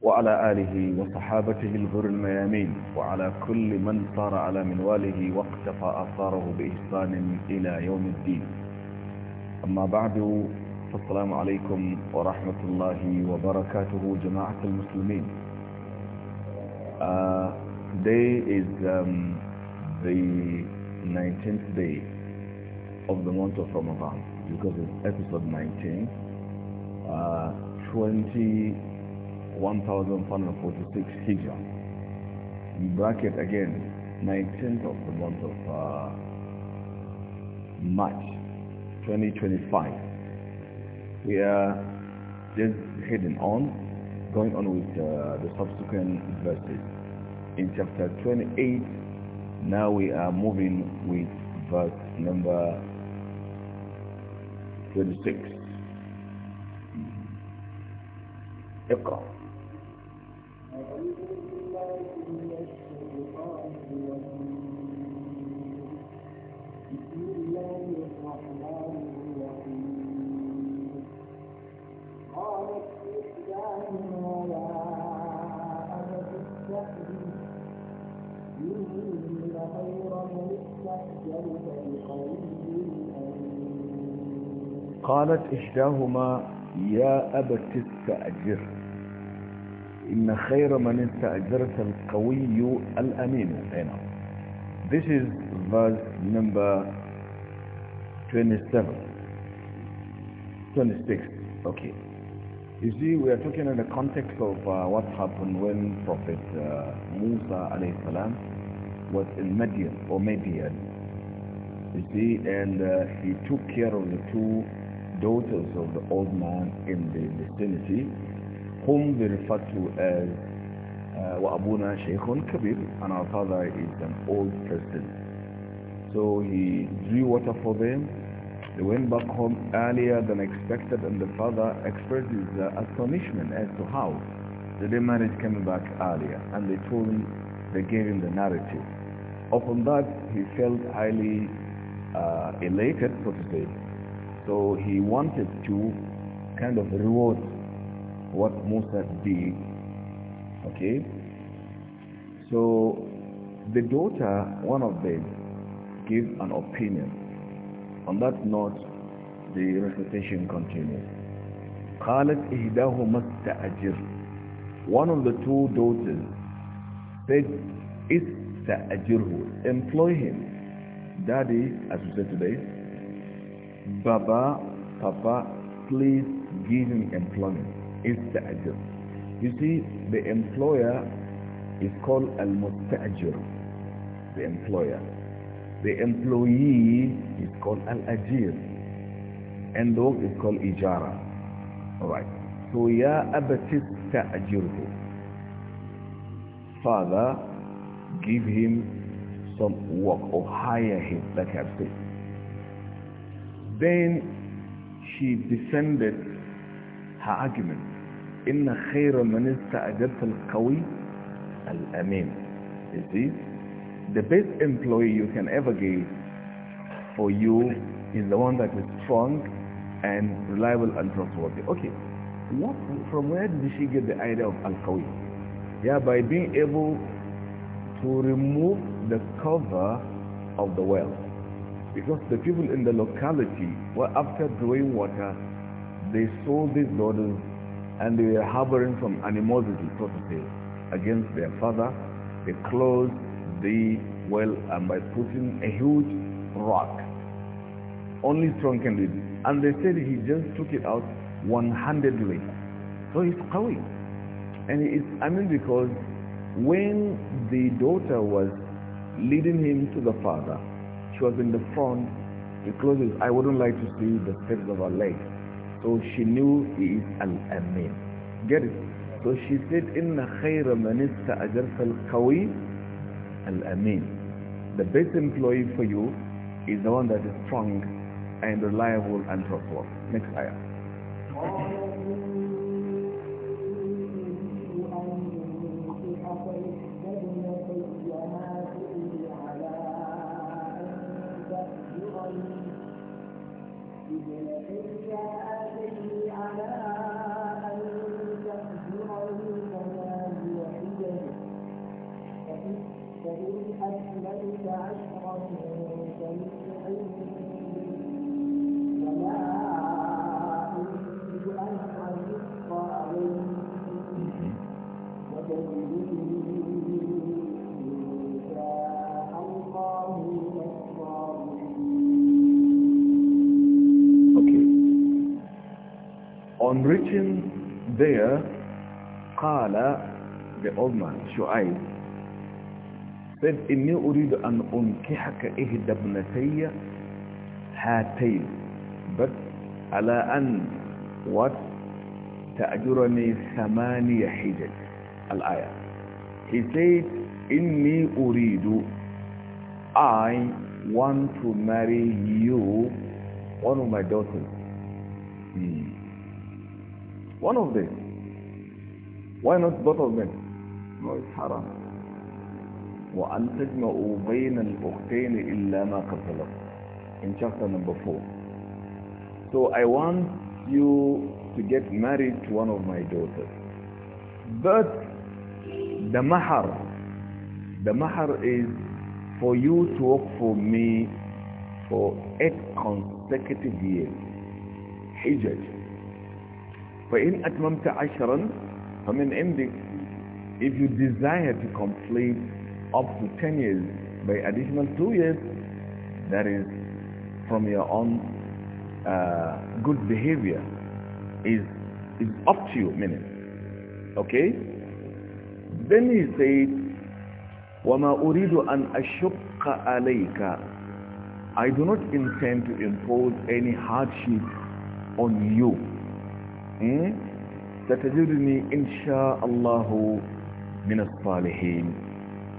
وعلى آله وصحابته الغر الميامين وعلى كل من صار على منواله واقتفى أثاره بإحسان إلى يوم الدين أما بعد فالسلام عليكم ورحمة الله وبركاته جماعة المسلمين uh, Today is um, the 19th day of the month of Ramadan because it's episode 19 uh, 20 1,546 Hijrah. In bracket again, 19th of the month of uh, March 2025. We are just heading on, going on with uh, the subsequent verses. In chapter 28, now we are moving with verse number 26. اقرأ قالت إحداهما يا أبت استأجر إن خير من استأجرت القوي الأمين هنا This is verse number 27 26 okay You see, we are talking in the context of uh, what happened when Prophet uh, Musa alayhi salam was in Median or Median. You see, and uh, he took care of the two daughters of the old man in the vicinity, whom they refer to as Wa'abuna uh, Shaykhun Kabir, and our father is an old person. So he drew water for them. They went back home earlier than expected, and the father expressed his uh, astonishment as to how the demarriage came back earlier. And they told him, they gave him the narrative. Upon that, he felt highly uh, elated, so to say. So he wanted to kind of reward what Musa did. Okay? So the daughter, one of them, gave an opinion. On that note, the recitation continues. قالت إهداهما استأجر One of the two daughters said, Sta'ajirhu. Employ him. Daddy, as we said today, Baba, Papa, please give him employment. It's Sta'ajir. You see, the employer is called al mustajir The employer. The employee is called Al-Ajir. And dog is called Ijara. Alright. So, Ya Abatis Sta'ajirhu. Father, give him some work or hire him, like I said. Then she defended her argument. إِنَّ خَيْرَ al kawi al amin. You see, the best employee you can ever get for you is the one that is strong and reliable and trustworthy. Okay, what, from where did she get the idea of al kawi? Yeah, by being able to remove the cover of the well. Because the people in the locality were after drawing water, they saw these daughters and they were harboring some animosity, so against their father. They closed the well and by putting a huge rock. Only strong can do it. And they said he just took it out one-handedly. So he's going. And he is, I mean, because when the daughter was leading him to the father, she was in the front. He closes, I wouldn't like to see the steps of her legs. So she knew he is Al-Amin. Get it? So she said, Inna khayra manista ajarsa al-kawi Al-Amin. The best employee for you is the one that is strong and reliable and trustworthy. Next ayah. Oh. عمر شعيب قال طيب، إني أريد أن أنكحك إهدى ابنتي هاتين بس على أن تأجرني ثمانية حجج الآية He said إني أريد I want to marry you one of my daughters hmm. one of them why not both of them المسجد الحرام وأن تجمعوا بين الأختين إلا ما قتلوا in chapter number 4 so I want you to get married to one of my daughters but the mahar the mahar is for you to work for me for eight consecutive years حجج فإن أتممت عشرا فمن عندك If you desire to complete up to 10 years by additional 2 years, that is from your own uh, good behavior, is, is up to you, meaning. Okay? Then he said, وَمَا أُرِيدُ أَنْ أَشُقَّ عَلَيْكَ I do not intend to impose any hardship on you. Hmm? ستجدني إن شاء الله min salihin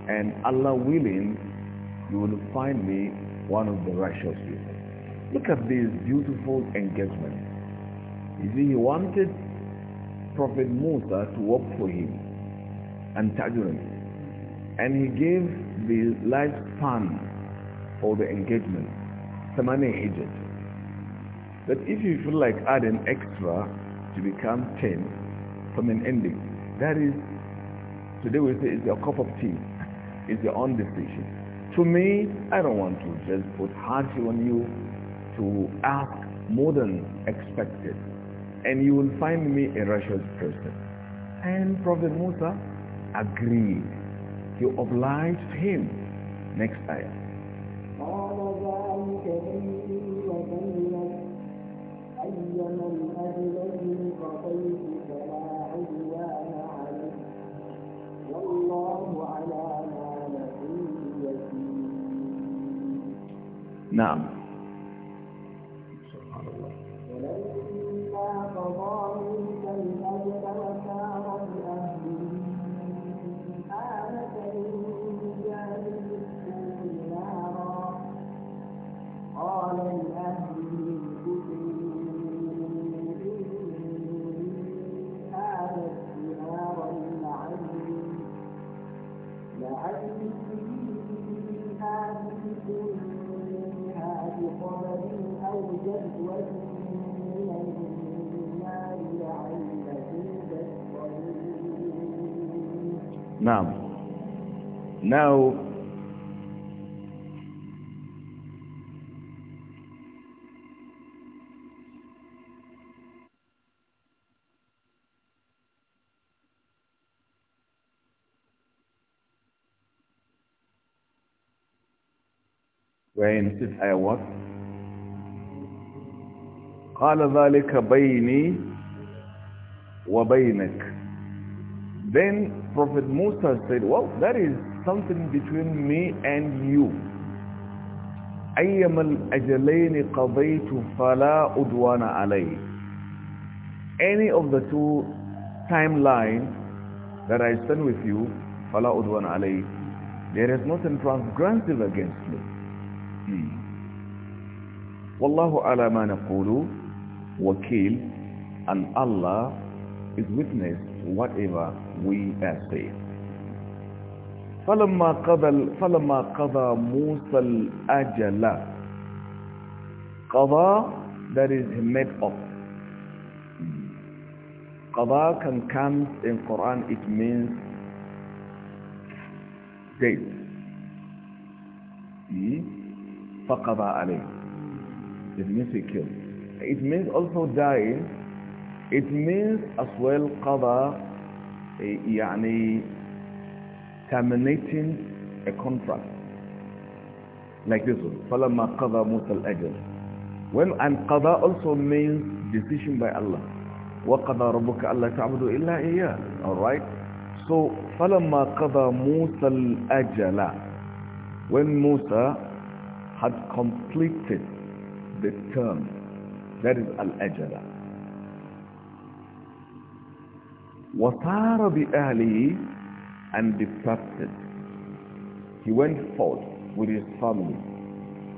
and Allah willing you will find me one of the righteous people look at this beautiful engagement you see he wanted prophet Musa to work for him and Tajun and he gave the lifespan for the engagement Samani Hijjat but if you feel like adding extra to become 10 from an ending that is Today we say it's your cup of tea. It's your own decision. To me, I don't want to just put hardship on you to ask more than expected. And you will find me a righteous person. And Prophet Musa agreed. You obliged him. Next time. Naam. wherein said ayah what? قَالَ ذَلِكَ بَيْنِي وَبَيْنَكَ Then Prophet Musa said, well, that is something between me and you. أَيَّمَا الْأَجَلَيْنِ قَضَيْتُ فَلَا أُدْوَانَ عَلَيْهِ Any of the two timelines that I stand with you, فَلَا أُدْوَانَ عَلَيْهِ There is nothing transgressive against me. Hmm. Wallahu ala ma naqulu wakil and Allah is witness to whatever we are saying. فلما قضى فلما قضى موسى الاجل قضى that is made up قضى can come in Quran it means date hmm? فَقَضَى عَلَيْهِ It means he killed. It means also dying. It means as well قَضَى يعني terminating a contract. Like this one. فَلَمَّا قَضَى مُوسَى الْأَجَلِ When and قَضَى also means decision by Allah. وَقَضَى رَبُّكَ أَلَّا تَعْبُدُوا إِلَّا إِيَّاهُ Alright? So, فَلَمَّا قَضَى مُوسَى الْأَجَلَ When Musa had completed the term. That is al-ajala. وَطَارَ بِأَهْلِهِ and departed. He went forth with his family.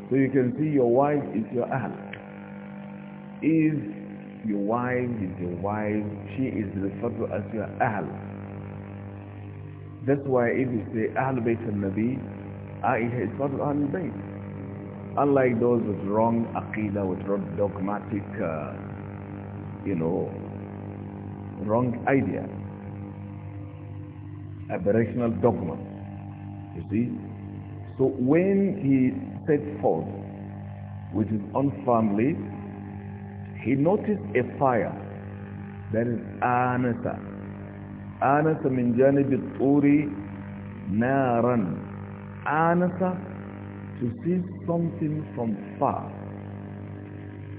So you can see your wife is your al. If your wife is your wife, she is referred to as your ahl. That's why you say ahl bayt al-Nabi, I is part of ahl bayt unlike those with wrong aqidah, with wrong dogmatic, uh, you know, wrong idea, aberrational dogma. You see? So when he set forth with his own family, he noticed a fire. That is anasa. Anasa min janib turi naran. Anasa to see something from far,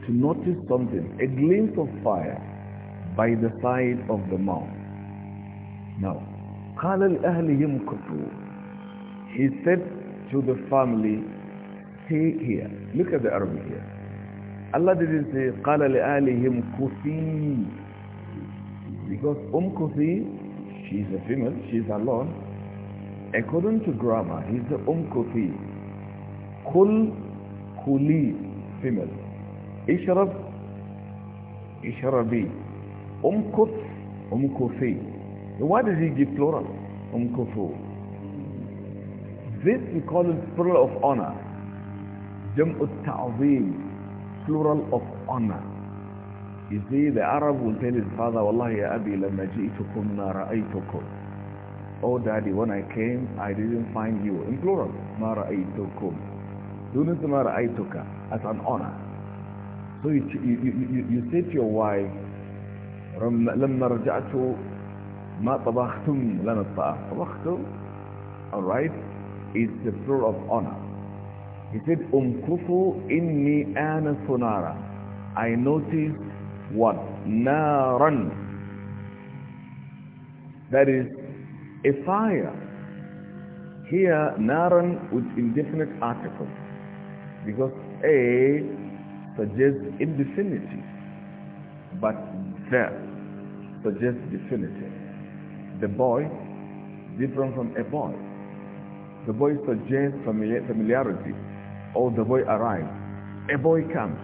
to notice something, a glint of fire by the side of the mount. Now, قال الأهلهم كفوا. He said to the family, stay here. Look at the Arabic here. Allah didn't say, قال لأهلهم كفي. Because Um Kufi, she's a female, she's alone. According to grammar, he's the Um Kufi. كل كلي female اشرب اشربي امكث امكثي why does he give plural امكثوا this we call it plural of honor جمع التعظيم plural of honor You see, the Arab will tell his father, والله يا أبي لما جئتكم ما رأيتكم Oh daddy, when I came, I didn't find you. In plural, ما رأيتكم Dunisma Ra'aituka as an honor. So you, you, you, you say to your wife, لما رجعت ما طبختم لنا الطعام طبختم alright is the plural of honor he said umkufu inni anasu sonara." I notice what naran that is a fire here naran with indefinite article because A suggests indefinity, but the suggests definitive. The boy, different from a boy. The boy suggests familiar, familiarity, or the boy arrives. A boy comes.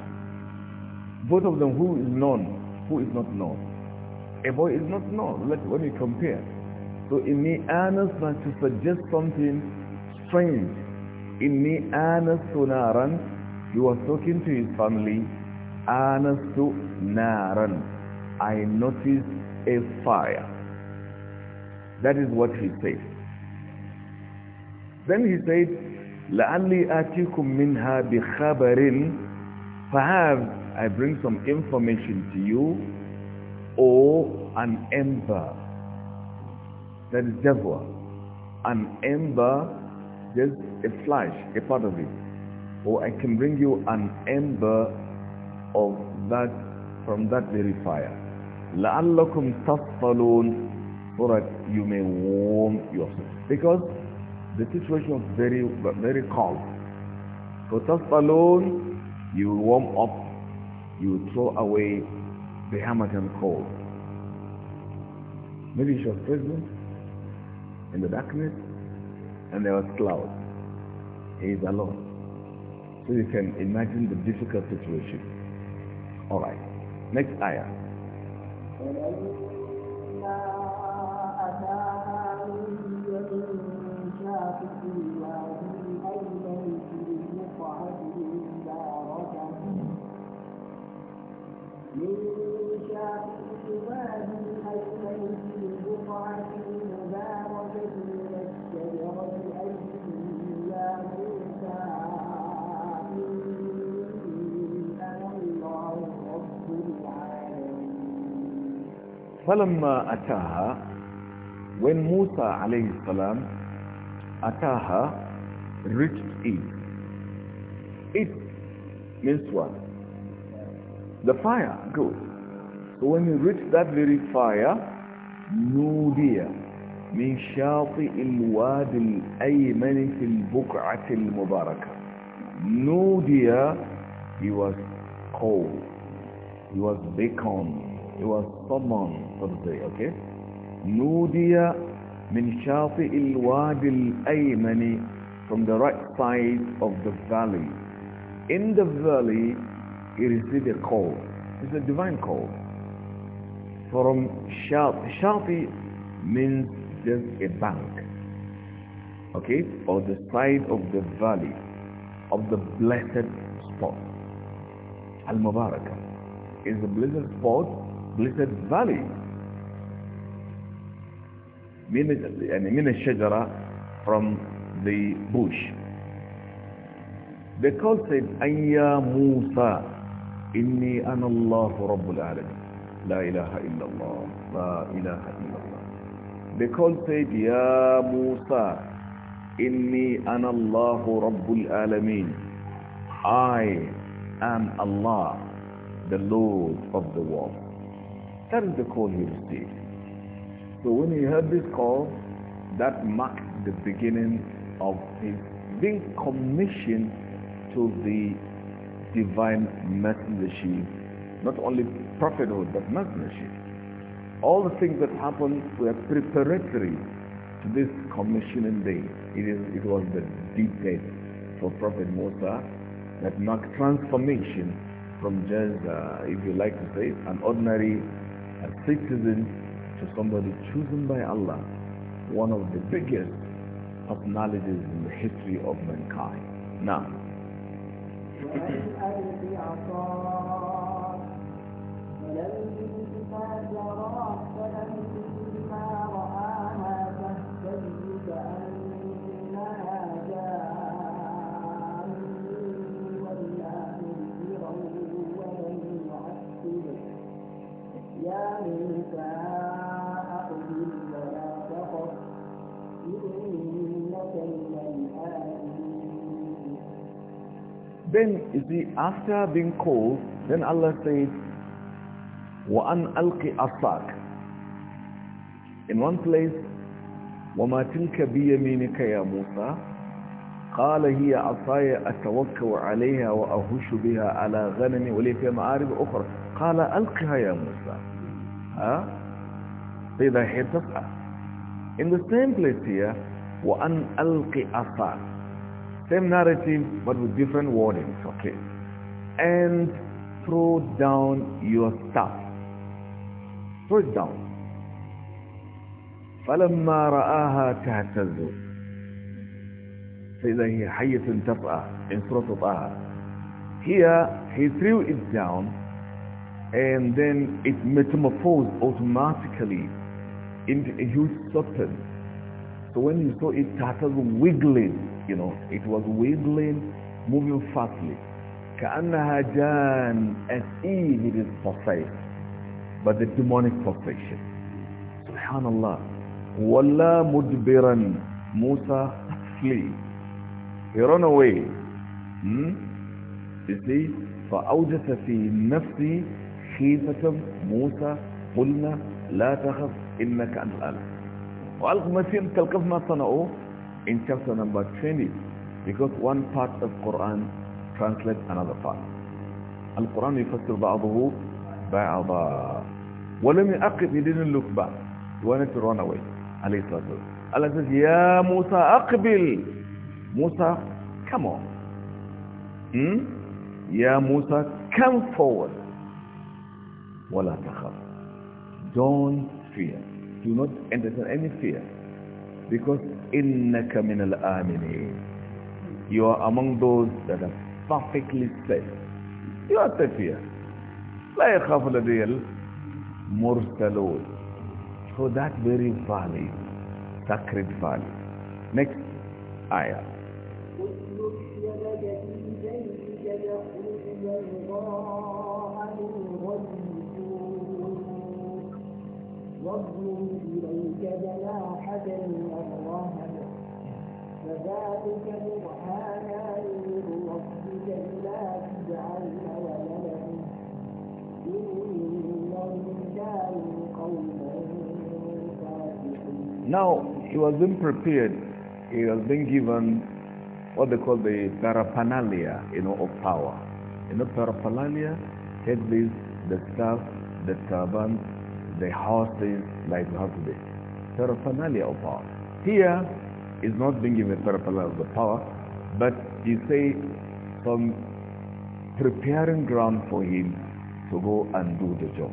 Both of them, who is known, who is not known. A boy is not known Let, when you compare. So in may earnest to suggest something strange inni anastu naran he was talking to his family anastu naran i noticed a fire that is what he said then he said la'alli atikum minha bi khabarin perhaps i bring some information to you or an ember that is jabwa an ember just a flash, a part of it. Or I can bring you an ember of that, from that very fire. لَعَلَّكُمْ تَصْطَلُونَ So that you may warm yourself. Because the situation was very, very cold. So تَصْطَلُونَ You warm up, you throw away the hammock and cold. Maybe she was present in the darkness and there was cloud. He is alone. So you can imagine the difficult situation. Alright. Next ayah. فَلَمَّا أَتَاهَا When Musa alayhi salam أَتَاهَا reached it. It means what? The fire. Good. So when you reach that very fire, نودي من شاطئ الوادي الأيمن في البقعة المباركة. نودي he was cold. He was beckoned. It was summoned for the day, okay? Nudiya min shafi'il wadil aymani from the right side of the valley. In the valley, he received a call. It's a divine call. From Shafi, Shafi means just a bank. Okay? Or the side of the valley, of the blessed spot. Al-Mubarakah is a blessed spot blessed valley من يعني من الشجرة from the bush they called said أن يا موسى إني أنا الله رب العالمين لا إله إلا الله لا إله إلا الله they called said يا موسى إني أنا الله رب العالمين I am Allah the Lord of the world That is the call he received. So when he heard this call, that marked the beginning of his being commissioned to the divine messengership, not only prophethood, but messengership. All the things that happened were preparatory to this commissioning day. It, is, it was the day for Prophet Musa that marked transformation from just, uh, if you like to say, an ordinary a citizen to somebody chosen by Allah, one of the biggest personalities in the history of mankind. Now. You see, after being called, then Allah says, وَأَنْ أَلْقِ أَصَاكَ In one place, وَمَا تِلْكَ بِيَمِينِكَ يَا مُوسَى قال هي أَصَايَ أَتَوَكَّوَ عليها وأهش بها على غَنَمِ ولي في مَعَارِبِ أخرى قال ألقها يا موسى ها فإذا هي تسعى in the same place here وأن ألقي أَصَاكَ Same narrative, but with different wordings. Okay. And throw down your staff. Throw it down. فلما رآها تهتز فإذا هي حية تطأ in Surah طه Here he threw it down and then it metamorphosed automatically into a huge serpent. So when you saw it, Tahtaz wiggling you know, it was wiggling, moving fastly. كأنها جان as if it is possessed by the demonic possession. سبحان الله. ولا مدبرا موسى flee. He ran away. Hmm? You see? فأوجس في نفسي خيفة موسى قلنا لا تخف إنك أنت الآن وألق مثيل تلقف ما صنعوه in chapter number 20 because one part of Quran translates another part. Al-Quran يفسر بعضه بعضا ولم يعقب he didn't look back he wanted to run away عليه الصلاة Allah says يا موسى أقبل Musa come on hmm? يا موسى come forward ولا تخاف. don't fear do not entertain any fear because innaka min al-aminin you are among those that are perfectly safe you are safe here لا يخاف لدي المرسلون so that very valley sacred valley next ayah واضم إليك جناحك من ذلك من ربك Now, he was being prepared, he was being given what they call the paraphernalia, you know, of power. You know, paraphernalia, take this, the staff, the turbans, the horses, like we have today. Paraphernalia of power. Here, is not being given by Allah the power, but you say from preparing ground for him to go and do the job.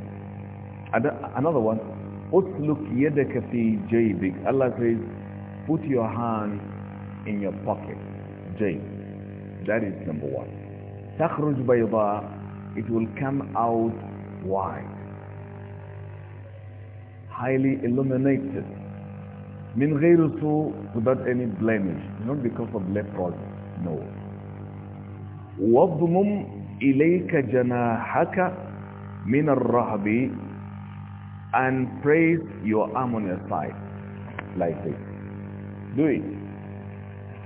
And uh, another one, Usluk yadaka jaybik. Allah says, put your hand in your pocket. jay. That is number one. Takhruj bayda. It will come out white, Highly illuminated. Min su without any blemish, not because of leprosy, no. وَضْمُمْ إِلَيْكَ min مِنَ rahbi And praise your arm on your side, like this. Do it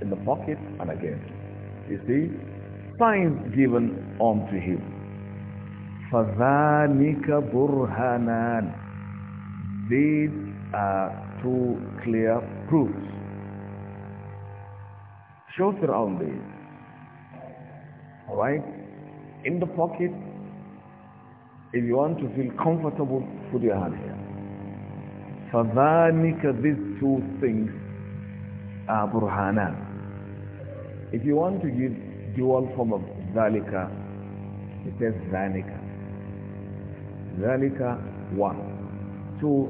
in the pocket and again. You see, signs given unto him. فَذَانِكَ بُرْهَانَانِ These are two clear proofs. Show Fir'aun this. Alright? In the pocket, if you want to feel comfortable, put your hand here. فَذَانِكَ These two things are burhana. If you want to give dual form of ذَلِكَ, it says ذَانِكَ. ذَانِكَ one. Two,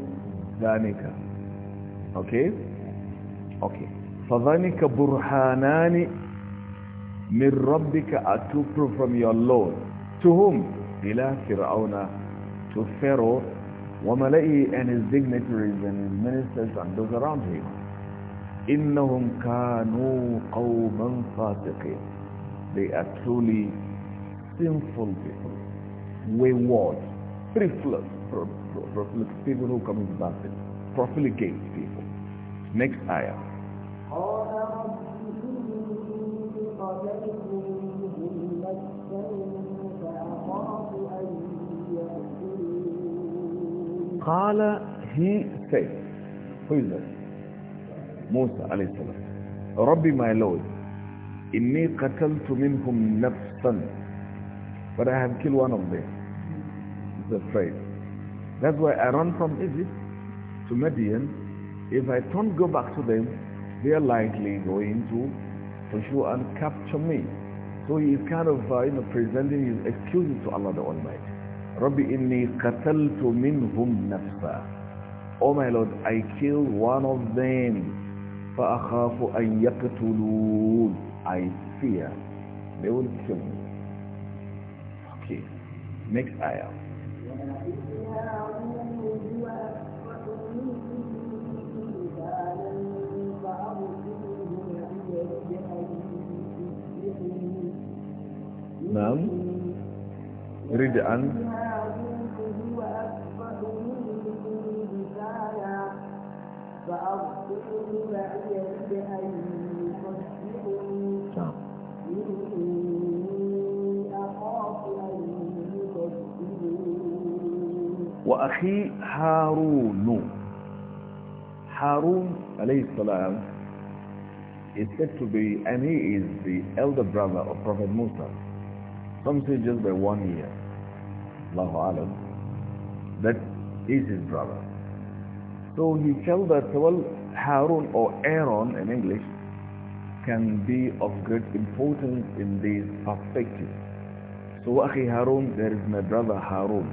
ذَانِكَ okay okay فَذَنِكَ بُرْحَانَانِ مِنْ رَبِّكَ أَتُوْكُ from your Lord to whom? إِلَى فِرْعَوْنَ to Pharaoh وَمَلَئِهِ and his dignitaries and his ministers and those around him Innahum كَانُوا قَوْمًا فَاتِقِينَ they are truly sinful people wayward, thriftless, people who commit bad things profligate people next ayah he said who is that Musa alayhi salam Rabbi my Lord inni qataltu minhum nafsan but I have killed one of them the phrase that's why I run from Egypt to Midian if I don't go back to them, they are likely going to pursue and capture me. So he is kind of uh, you know, presenting his excuses to Allah the Almighty. Rabbi inni qataltu minhum nafsa. Oh my Lord, I killed one of them. فَأَخَافُ أَن يَقْتُلُونَ I fear they will kill me. Okay, next ayah. read and وأخي هارون هارون عليه السلام is said to be, and he is the elder brother of Prophet Musa. Some say just by one year. Allahu Alam, that is his brother. So he tells that, well, Harun or Aaron in English can be of great importance in this perspective. So, أخي Harun, there is my brother Harun.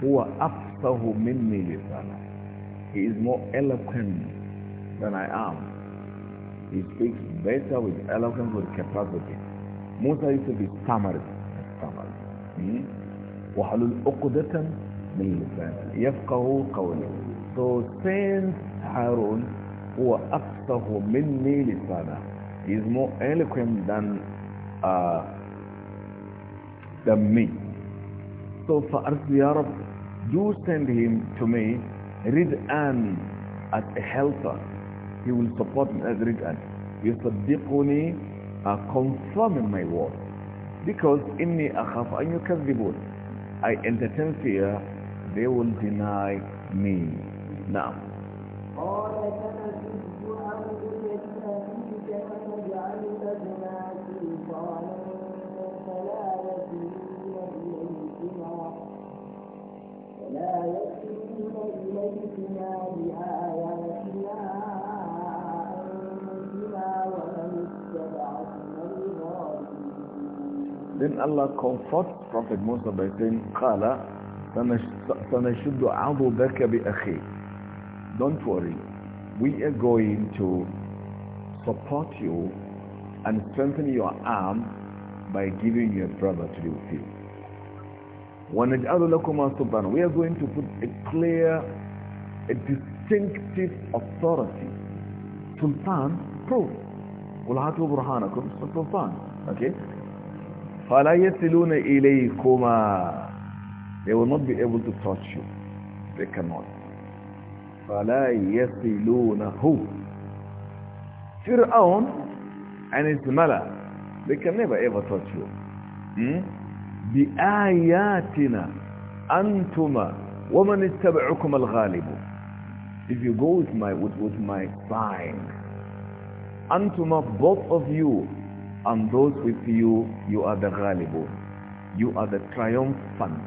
who أفصه مني لسانا. He is more eloquent than I am. He speaks better with eloquence, with capacity. Musa used to be stammered. stammered. Hmm? وحلل عقدة من لسان يفقه قولي so since Harun هو أفصه مني لسانا he is more eloquent than uh, than me so فأرسل يا رب do send him to me and as a helper he will support me as ردءا يصدقني uh, confirming my word because إني أخاف أن يكذبون I entertain fear, they will deny me. Now. Then Allah comforts Prophet Musa by saying, قَالَ bi عَضُبَكَ بِأَخِيكَ Don't worry, we are going to support you and strengthen your arm by giving your brother to you. وَنَجْعَلُ لَكُمَا سُبْحَانَهُ We are going to put a clear, a distinctive authority. Sultan, proof. وَلَعَتُوا بُرْحَانَكُمْ Sultan. Okay? فَلَا يَسِلُونَ إِلَيْكُمَا They will not be able to touch you. They cannot. فَلَا هو فرعون and his mala, they can never ever touch you. Hmm? بِآيَاتِنَا أَنْتُمَا وَمَنِ اتَّبَعُكُمَ الْغَالِبُ If you go with my, with, with my sign, أَنْتُمَا both of you and those with you, you are the ghalibun. You are the triumphant,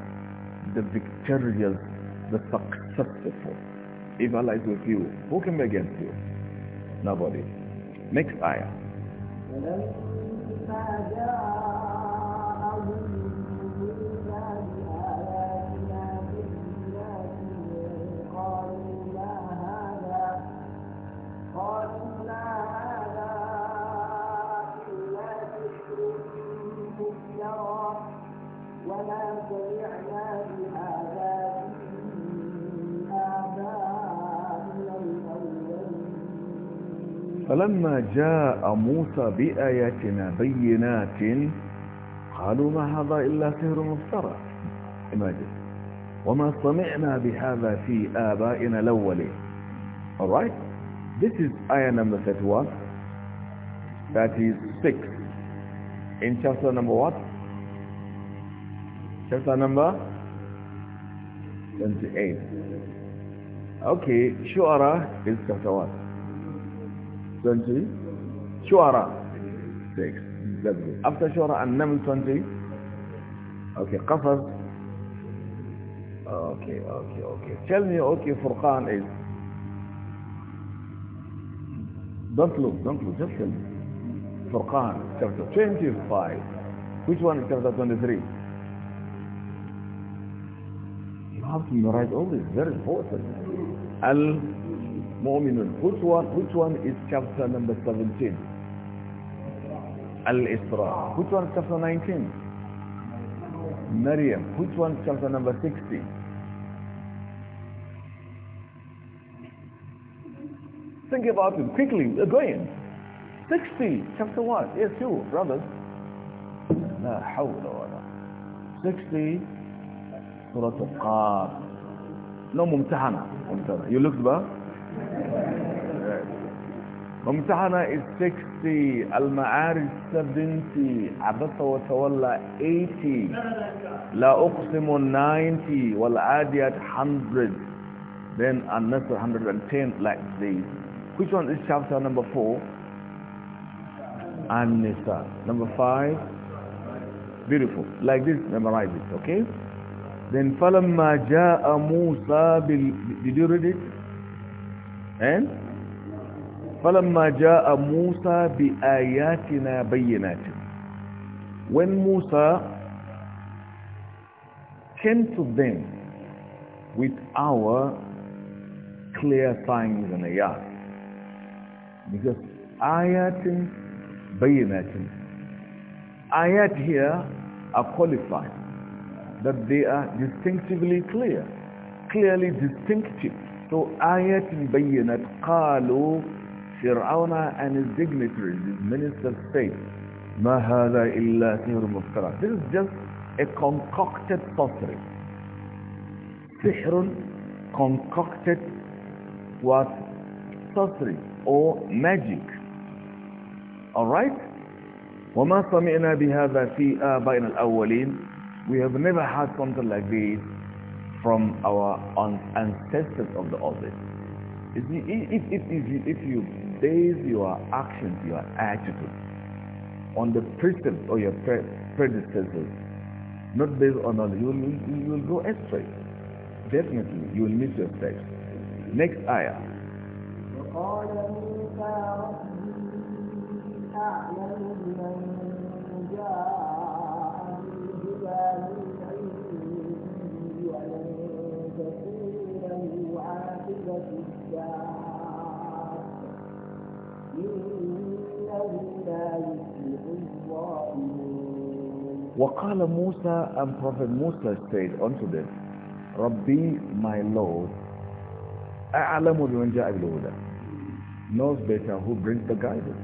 the victorious, the successful. If Allah is with you, who can be against you? Nobody. Next ayah. فلما جاء موسى بآياتنا بينات قالوا ما هذا إلا سهر مفترى imagine وما سمعنا بهذا في آبائنا الأولين alright this is ayah number 31 that is 6 in chapter number what chapter number 28 okay shu'ara is chapter 1 20 Shura 6 us go. after Shura and Naml 20 okay Qafaz okay okay okay tell me okay Furqan is don't look don't look just tell me Furqan chapter 25 which one is chapter 23 you have to memorize all this very important al Mu'minun. Which one, which one is chapter number 17? Al-Isra. Which one is chapter 19? Maryam. Which one is chapter number 60? Think about it quickly, again. 60, chapter 1. Yes, you, brothers. لا حول ولا 60 سورة القاف No You looked back? Mumtahana is 60, Al-Ma'arij 70, Abasa wa Tawalla 80, La Uqsimu 90, Wal-Adiyat 100, then another 110 like this. Which one is chapter number 4? an Number 5? Beautiful. Like this, memorize it, okay? Then فَلَمَّا جَاءَ مُوسَى Did you read it? And? فلما جاء موسى بآياتنا ayatina when musa came to them with our clear signs and ayat because ayatin bayyinatin ayat here are qualified that they are distinctively clear clearly distinctive so ayatin bayyinat qalu Fir'auna and his dignitaries, his minister of state. مَا هَذَا إِلَّا سِهْرٌ مُفْتَرَى This is just a concocted sorcery. Sihr, concocted was sorcery or magic. Alright? وَمَا سَمِعْنَا بِهَذَا فِي آبَائِنَا الْأَوَّلِينَ We have never had something like this from our ancestors of the old If, if, if, if you Based your actions, your attitude on the precepts or your predecessors, not based on all. You will, you will go astray. Definitely, you will miss your steps. Next ayah. Yeah. وقال Musa and Prophet Musa said unto them, Rabbi, my Lord, أعلم بمن جاء بالهدى knows better who brings the guidance.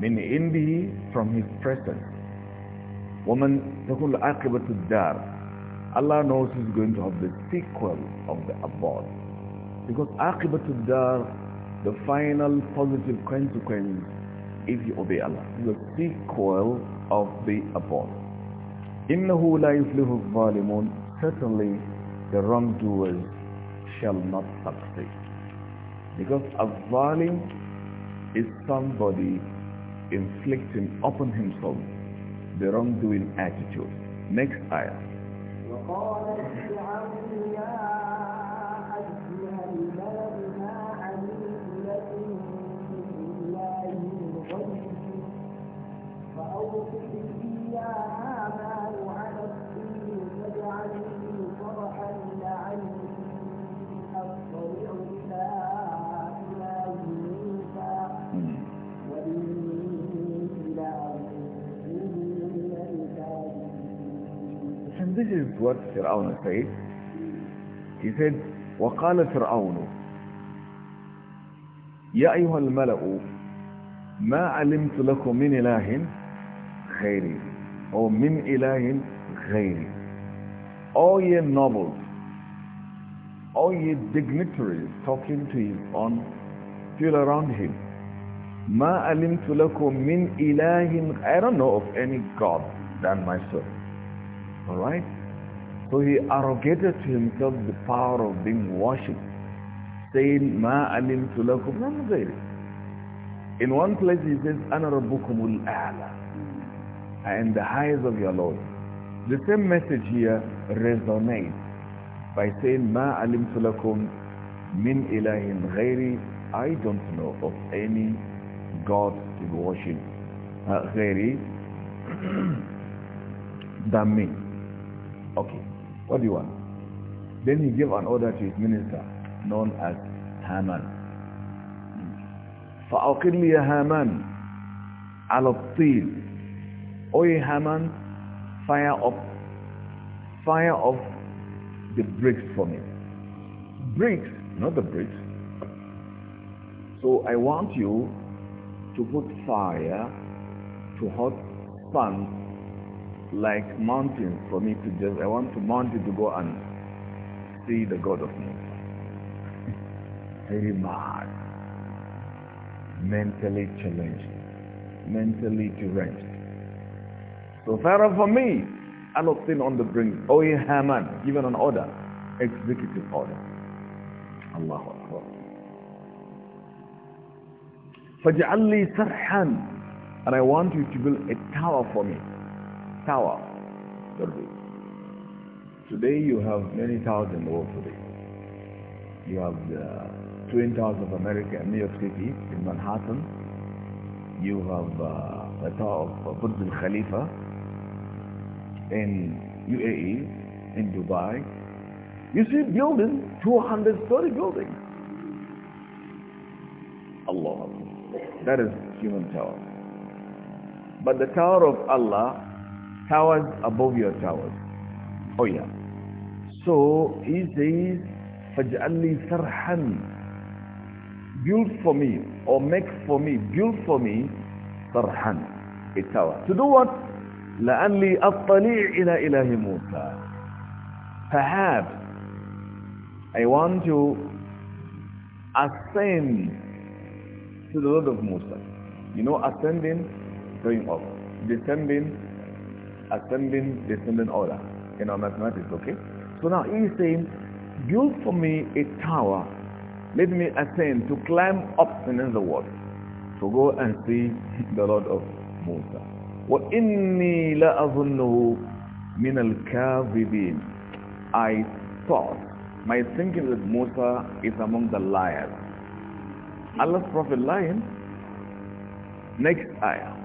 من عنده from his presence. ومن تكون عاقبة الدار Allah knows he's going to have the sequel of the abode. Because عاقبة الدار the final positive consequence if you obey Allah. The sequel of the apostle. إِنَّهُ لَا يُفْلِهُ الظَّالِمُونَ Certainly the wrongdoers shall not succeed. Because a zalim is somebody inflicting upon himself the wrongdoing attitude. Next ayah. is what Fir'aun said. He said, وَقَالَ فِرْعَوْنُ يَا أَيُّهَا الْمَلَأُ مَا عَلِمْتُ لَكُمْ مِنْ إِلَهٍ خَيْرٍ أَوْ مِنْ إِلَهٍ خَيْرٍ" All ye nobles, all ye dignitaries talking to his own people around him. مَا عَلِمْتُ لَكُمْ مِنْ إِلَهٍ I don't know of any God than myself. Alright? So he arrogated to himself the power of being worshipped, saying, Ma alim tulakum In one place he says, Ana rabbukumul a'la. I am the highest of your Lord. The same message here resonates by saying, Ma alim tulakum min ilahin ghairi. I don't know of any God to be worshipped uh, ghairi than me. Okay. What do you want? Then he gave an order to his minister, known as Haman. فأقل لي هامان على الطين Oy Haman, fire up, fire up the bricks for me. Bricks, not the bricks. So I want you to put fire to hot sand like mountains for me to just, I want to mount it to go and see the God of me. Very mad. Mentally challenged. Mentally deranged. So Pharaoh for me, I looked in on the brink. O oh, ye Haman, given an order, executive order. Allah Akbar. فَجْعَلْ لِي سَرْحًا And I want you to build a tower for me tower. Today you have many thousand hopefully. You have the twin towers of America in New York City, in Manhattan. You have uh, the tower of Burj uh, Al Khalifa in UAE, in Dubai. You see buildings, 200 story buildings. Allah. That is human tower. But the tower of Allah towers above your towers. Oh yeah. So he says, فَجْعَلْنِي سَرْحًا Build for me, or make for me, build for me, سَرْحًا A tower. To do what? لَأَنِّي أَطَّلِعْ إِلَى إِلَهِ مُوسَى Perhaps I want to ascend to the Lord of Musa. You know, ascending, going up. Descending, ascending, descending order in our mathematics, okay? So now he's saying, build for me a tower. Let me ascend to climb up in the world to go and see the Lord of Musa. وَإِنِّي لَأَظُنُّهُ مِنَ الْكَاذِبِينَ I thought, my thinking that Musa is among the liars. Allah's Prophet lying. Next ayah.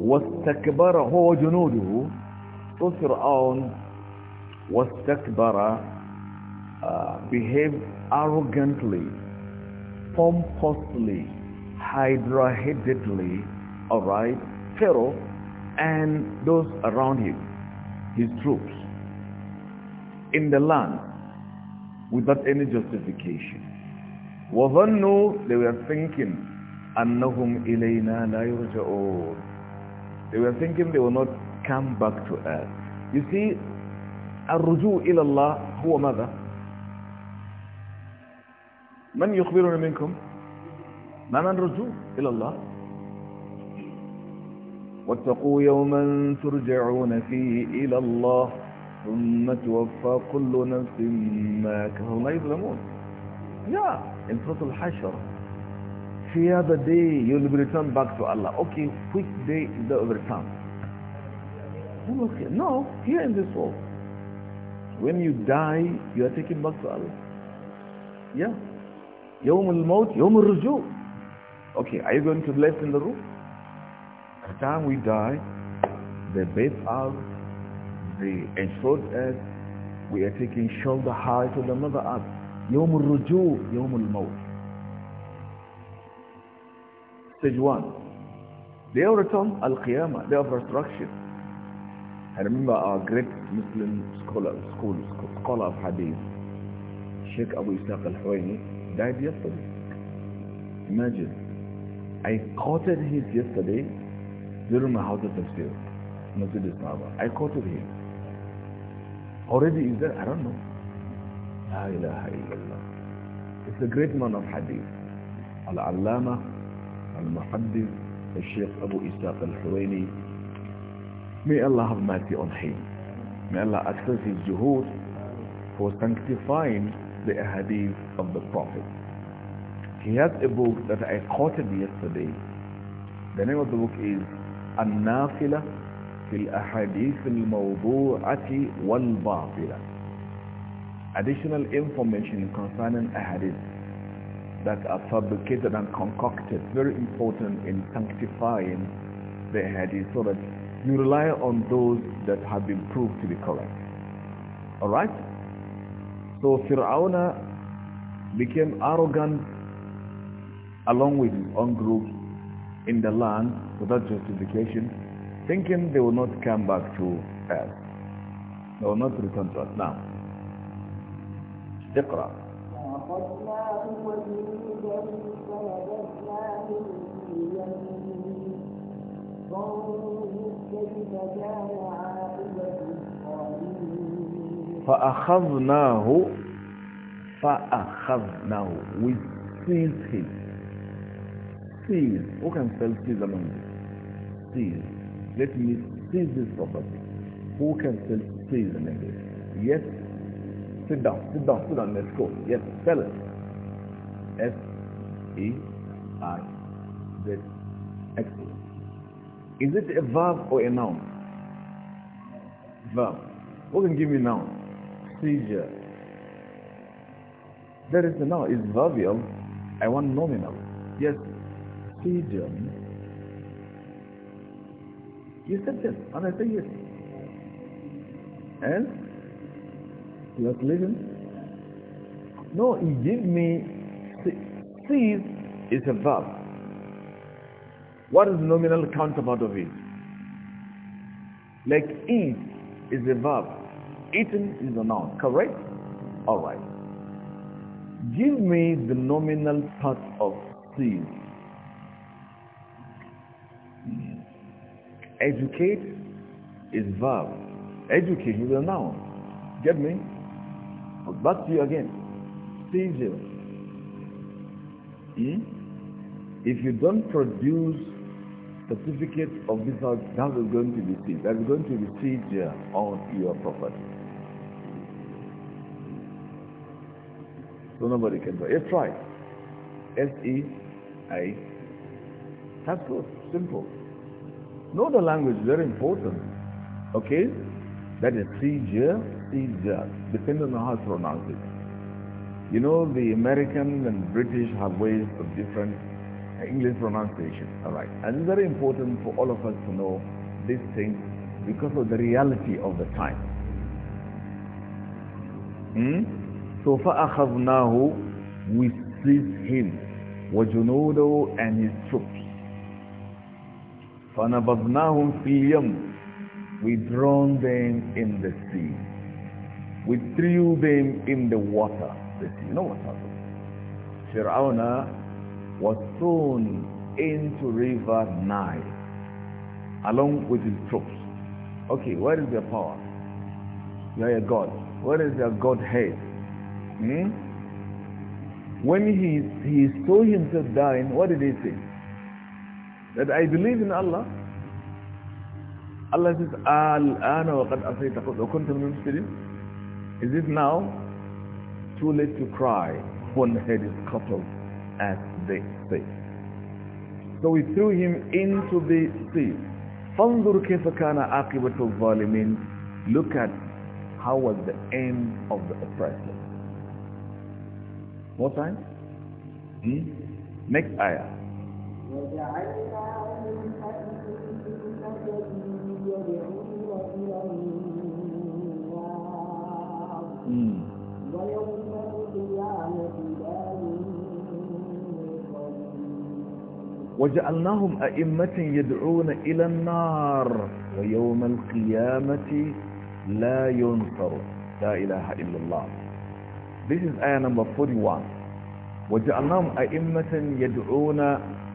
واستكبر هو وجنوده فرعون واستكبر uh, behaved arrogantly pompously hydra-headedly all right Pharaoh and those around him, his troops, in the land without any justification. وَظَنُّوا They were thinking, أَنَّهُمْ إِلَيْنَا لَا يُرْجَعُونَ They were thinking they will not come back to us. You see, الرجوع إلى الله هو ماذا؟ من يخبرنا منكم؟ Man الرجوع إلى الله واتقوا يوما ترجعون فيه إلى الله ثم توفى كل نفس ما كهو لا يظلمون يا in total hashar. Fear the day you will be returned back to Allah. Okay, which day is the return? Okay, no, here in this world. When you die, you are taken back to Allah. Yeah. يوم الموت يوم الرجوع. Okay, are you going to be left in the room? The time we die, they bathe of they enshroud earth. we are taking shoulder high to the mother earth. يوم الرجوع يوم الموت Stage one. Day of return, Al-Qiyamah, day of resurrection. I remember our great Muslim scholar, school, scholar of Hadith, Sheikh Abu Ishaq al-Huwaini, died yesterday. Imagine. I quoted his yesterday during my house of Not Masjid I quoted him. Already is there? I don't know. La ilaha illallah. It's a great man of hadith. Al-Allama, Al-Muhaddith, the Sheikh Abu Ishaq Al-Huraini. May Allah have mercy on him. May Allah accept his juhud for sanctifying the hadith of the Prophet. He has a book that I quoted yesterday. The name of the book is النافلة في الأحاديث الموضوعة والباطلة Additional information concerning ahadith that are fabricated and concocted, very important in sanctifying the hadith so that you rely on those that have been proved to be correct. Alright? So Fir'auna became arrogant along with his own group in the land without justification, thinking they will not come back to us. They will not return to us. Now, اقرأ. فأخذناه فأخذناه we seized him seize. Who can sell seeds among you? Seeds. Let me seize this property. Who can sell seeds among you? Yes. Sit down, sit down, sit down. Let's go. Yes, tell. it. S-E-I-Z. Excellent. Is it a verb or a noun? Verb. Who can give me noun? Seizure. There is a noun. It's verbal. I want nominal. Yes, freedom, you said this. And I say yes. And he was living. No, he give me cease is a verb. What is the nominal counterpart of it? Like eat is a verb. Eaten is a noun, correct? Alright. Give me the nominal part of cease. Educate is verb. Educate is a noun. Get me? Back to you again. Seizure. Hmm? If you don't produce certificate of this house, that is going to be seized. That is going to be seizure on your property. So nobody can buy. It's right. S-E-I. That's good. Simple. Know the language, very important. Okay? That is Sija, Sija, depending on how it's pronounced. it. You know, the American and British have ways of different English pronunciation. All right. And it's very important for all of us to know this thing because of the reality of the time. Hmm? So فَأَخَذْنَاهُ We seized him. وَجُنُودَهُ And his troops. فَنَبَذْنَاهُمْ فِي We drowned them in the sea. We threw them in the water. The sea. You know what happened? Fir'auna was thrown into river Nile along with his troops. Okay, where is their power? You are a god. Where is their godhead? Hmm? When he, he saw himself dying, what did he say? that I believe in Allah. Allah says, Al-ana wa qad asayta qad kuntum min Is it now too late to cry when head is cut off as they say? So we threw him into the sea. فَانْظُرْ كَيْفَ كَانَ عَاقِبَةُ الظَّالِمِينَ Look at how was the end of the oppressor. More time? Hmm? Next ayah. وجعلناهم أئمة يدعون إلى النار ويوم القيامة لا ينصر لا إله إلا الله This is ayah number 41 وجعلناهم أئمة يدعون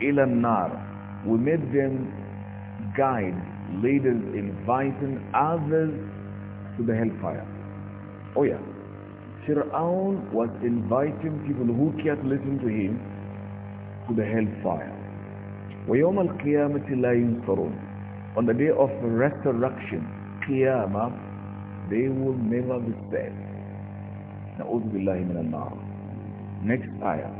Ilanar, We made them guides, leaders, inviting others to the hellfire. Oh yeah. Fir'aun was inviting people who can't listen to him to the hellfire. وَيَوْمَ الْقِيَامَةِ لَا يُنْصَرُونَ On the day of resurrection, Qiyamah, they will never be saved. نعوذ بالله من النار. Next ayah.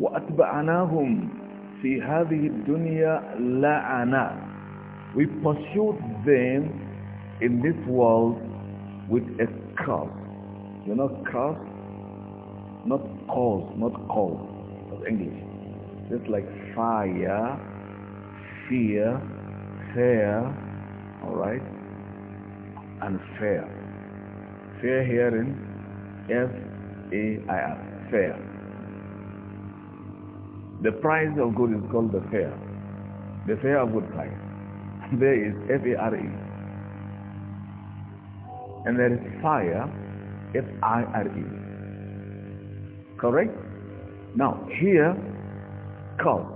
وأتبعناهم في هذه الدنيا We pursued them in this world with a curse. You know curse? Not cause, not call. That's English. Just like fire, fear, fear, alright? and fair. Fair hearing, F-A-I-R, fair. The price of good is called the fair. The fair of good price. There is F-A-R-E. And there is fire, F-I-R-E. Correct? Now, here, cost.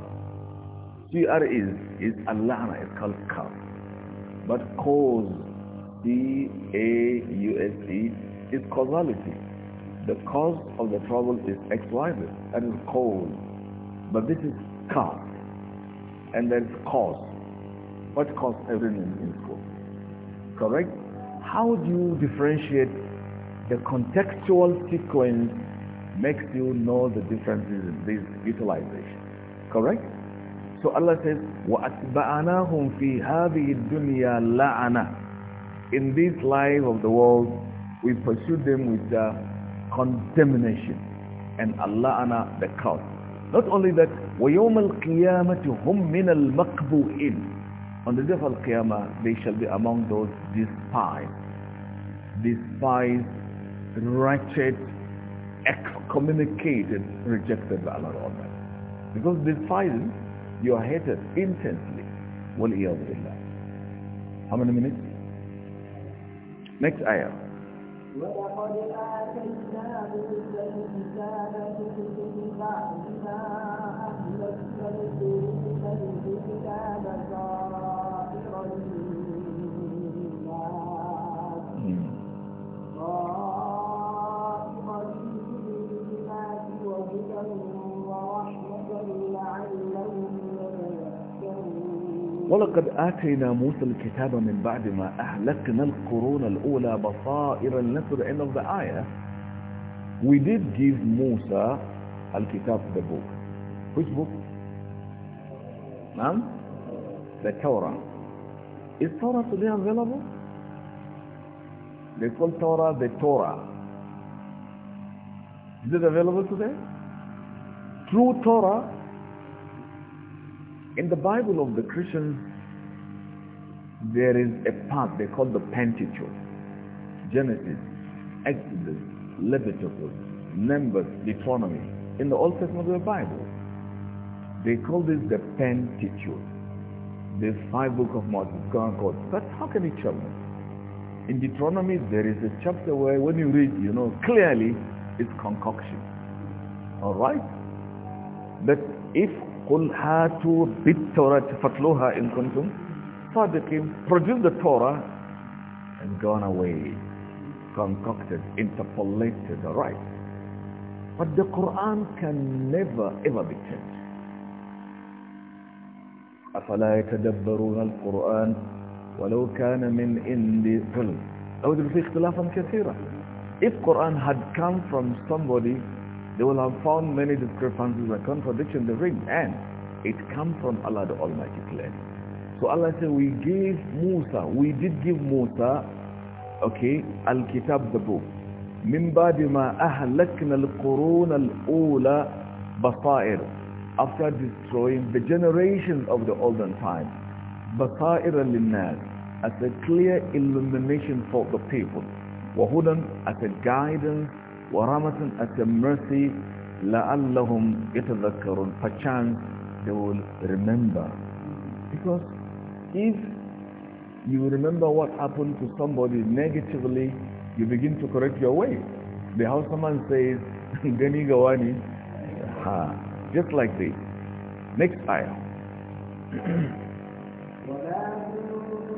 C R E is, is Allah, it's called cost. But cause D-A-U-S-E is causality. The cause of the trouble is XYZ and it's cold. But this is cause. And there's cause. What cause everything in school? Correct? How do you differentiate the contextual sequence makes you know the differences in this utilization. Correct? So Allah says, وَأَتْبَعَنَاهُمْ فِي هَذِهِ الدُّنْيَا لَعَنَةً in this life of the world, we pursue them with uh, condemnation. And Allah ana the cause. Not only that, وَيَوْمَ الْقِيَامَةِ هُمْ مِنَ الْمَقْبُوئِينَ On the day of Al-Qiyamah, they shall be among those despised, despised, wretched, excommunicated, rejected by Allah Almighty. Because despised, you are hated intensely. وَالْإِيَوْضِ How many minutes? Next ayah. Hmm. ولقد آتينا موسى الكتاب من بعد ما أهلكنا القرون الأولى بصائر to the end of the ayah we did give موسى الكتاب the book which book? نعم the Torah is Torah today available? they call Torah the Torah is it available today? true Torah In the Bible of the Christians, there is a part they call the Pentateuch. Genesis, Exodus, Leviticus, Numbers, Deuteronomy. In the Old Testament of the Bible, they call this the Pentateuch. There's five book of Moses, God, God. But how can you tell me? In Deuteronomy, there is a chapter where when you read, you know, clearly it's concoction. All right? But if قُلْ هَاتُوا بِالتَّوْرَةِ فَاتْلُوهَا إِن كُنْتُمْ صَادِقِينَ Produce the Torah and gone away, concocted, interpolated, right? But the Quran can never ever be changed. أفلا يتدبرون القرآن ولو كان من عند قل أو في اختلافا كثيرا If Quran had come from somebody they will have found many discrepancies and contradictions in the ring and it comes from Allah the Almighty clearly. So Allah said we gave Musa, we did give Musa, okay, Al-Kitab the book. من بعد ما أهلكنا القرون الأولى بصائر after destroying the generations of the olden time بصائر للناس as a clear illumination for the people وهدى as a guidance ورحمة at your mercy لعلهم يتذكرون perchance they will remember because if you remember what happened to somebody negatively you begin to correct your way the house man says gani gawani ha just like this next ayah وَلَا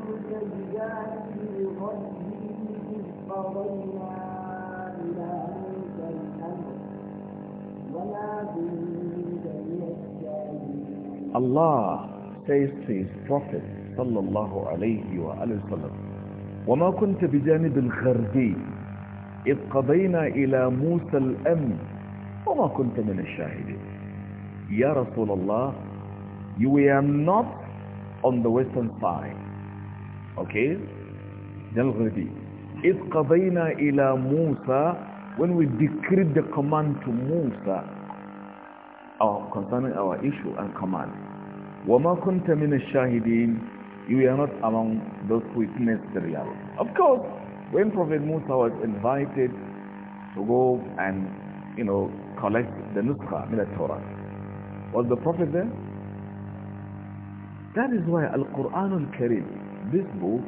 كنت بجانب Allah says to his Prophet sallallahu alayhi wa sallam وَمَا كُنْتَ بِجَانِبِ الْغَرْبِي إِذْ قَضَيْنَا إِلَى مُوسَى الْأَمْنِ وَمَا كُنْتَ مِنَ الشَّاهِدِينَ Ya Rasulullah, you were not on the western side. Okay? Jalghadi. إِذْ قَضَيْنَا إِلَى مُوسَى When we decreed the command to Musa, our, concerning our issue and command. وَمَا كُنْتَ مِنَ الشَّاهِدِينَ You are not among those who witnessed the reality. Of course, when Prophet Musa was invited to go and, you know, collect the Nusra, the Torah, was the Prophet there? That is why Al-Quran al-Karim, this book,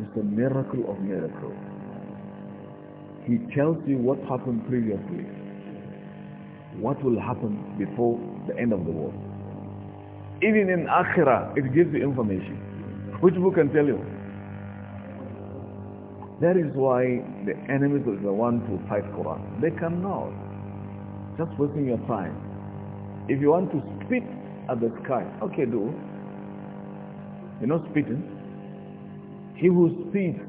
is the miracle of miracles. He tells you what happened previously what will happen before the end of the world. Even in Akhirah, it gives you information. Which book can tell you? That is why the enemies of the one to fight Quran. They cannot. Just wasting your time. If you want to spit at the sky, okay, do. You're not spitting. He who spits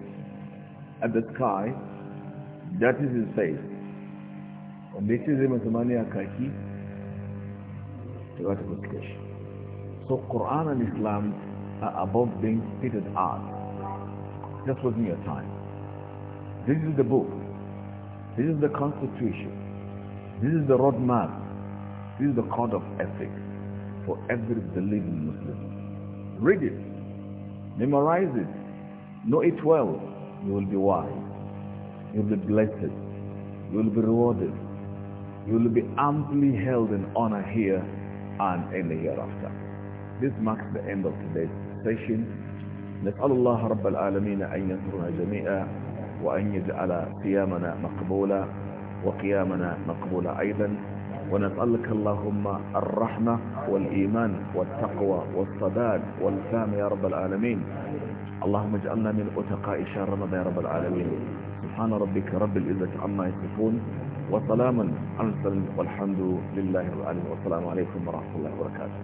at the sky, that is his face wanda ya zai kaki za ta fuska shi so quran and islam are above being stated as just wasn't your time this is the book this is the constitution this is the roadmap this is the code of ethics for every believing muslim read it memorize it know it well you will be wise you will be blessed you will be rewarded you will be amply held in honor here and in the hereafter. This marks the end of today's session. نسأل الله رب العالمين أن ينصرنا جميعا وأن يجعل قيامنا مقبولا وقيامنا مقبولا أيضا ونسألك اللهم الرحمة والإيمان والتقوى والصداد والسام يا رب العالمين اللهم اجعلنا من أتقاء شهر رمضان يا رب العالمين سبحان ربك رب العزة عما يصفون وسلاما عن والحمد لله والسلام عليكم ورحمة الله وبركاته